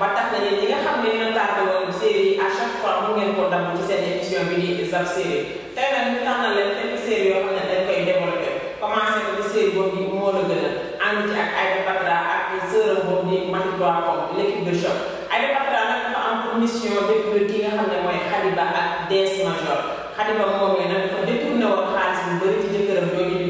ba tax na ñi nga xam ne ñoo tardé woon série yi à chaque fois mu ngeen ko damm ci seen émission bi di Zap Série tey nag ñu tànnal leen quelques séries yoo xam ne dañ koy développé commencé ko ci série boobu bi moo la gën a ànd ci ak Aïda Patra ak sœuram boobu di Mati Doakon l'équipe de choc Aïda Patra nag dafa am pour mission découvrir ki nga xam ne mooy Khadiba ak DS Major Khadiba moom nag dafa détourné woon xaalis bu bëri ci jëkkëram jooju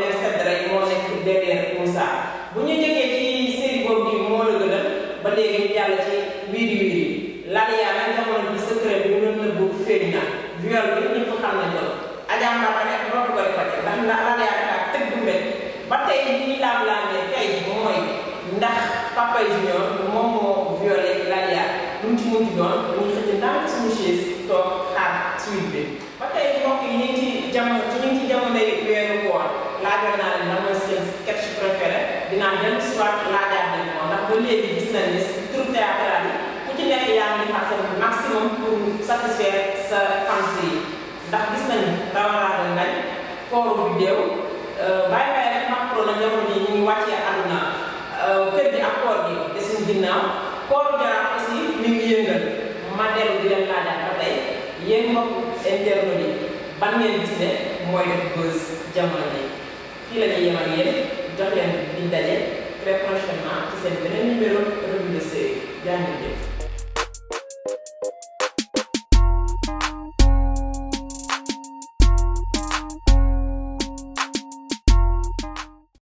bu ñu jógee ci série boobu bi moo la gën a ba léegi ñu jàll ci wiiri wiiri Lada yaa ngi jamono bi secret bi ñu viol bi ñëpp xam nañ ko Adja Mbamba nekk dootu koy faj ndax Lada yaa daa tëgg mbir ba tey li ñuy laam-laamee tey mooy ndax papa yi ñoom moom moo violé Lada yaa lu mu ci mënti doon mu xëcc ndànk suñu chaise toog xaar suite bi ba tey mbokk yi ñu ngi ci jamono ñu ngi ci jamono yi weeru koor laajal naa leen lan mooy yang soit laa jàppale ko ndax ba léegi gis nañ ne si tur théâtral ku ci nekk yaa ngi passé maximum pour satisfaire sa fans ndax gis nañ rawalaale nañ kooru bi deew bàyyi bàyyi rek macro na jamono yi ñu ngi wàccee àdduna kër gi ak koor gi te suñ ginnaaw kooru jaraaf aussi ngi yëngal ma di interne ban ngeen gis ne mooy def jamono la ñuy yemal jox leen di pré prochainement ci seen o número Revue de série jaa ngeen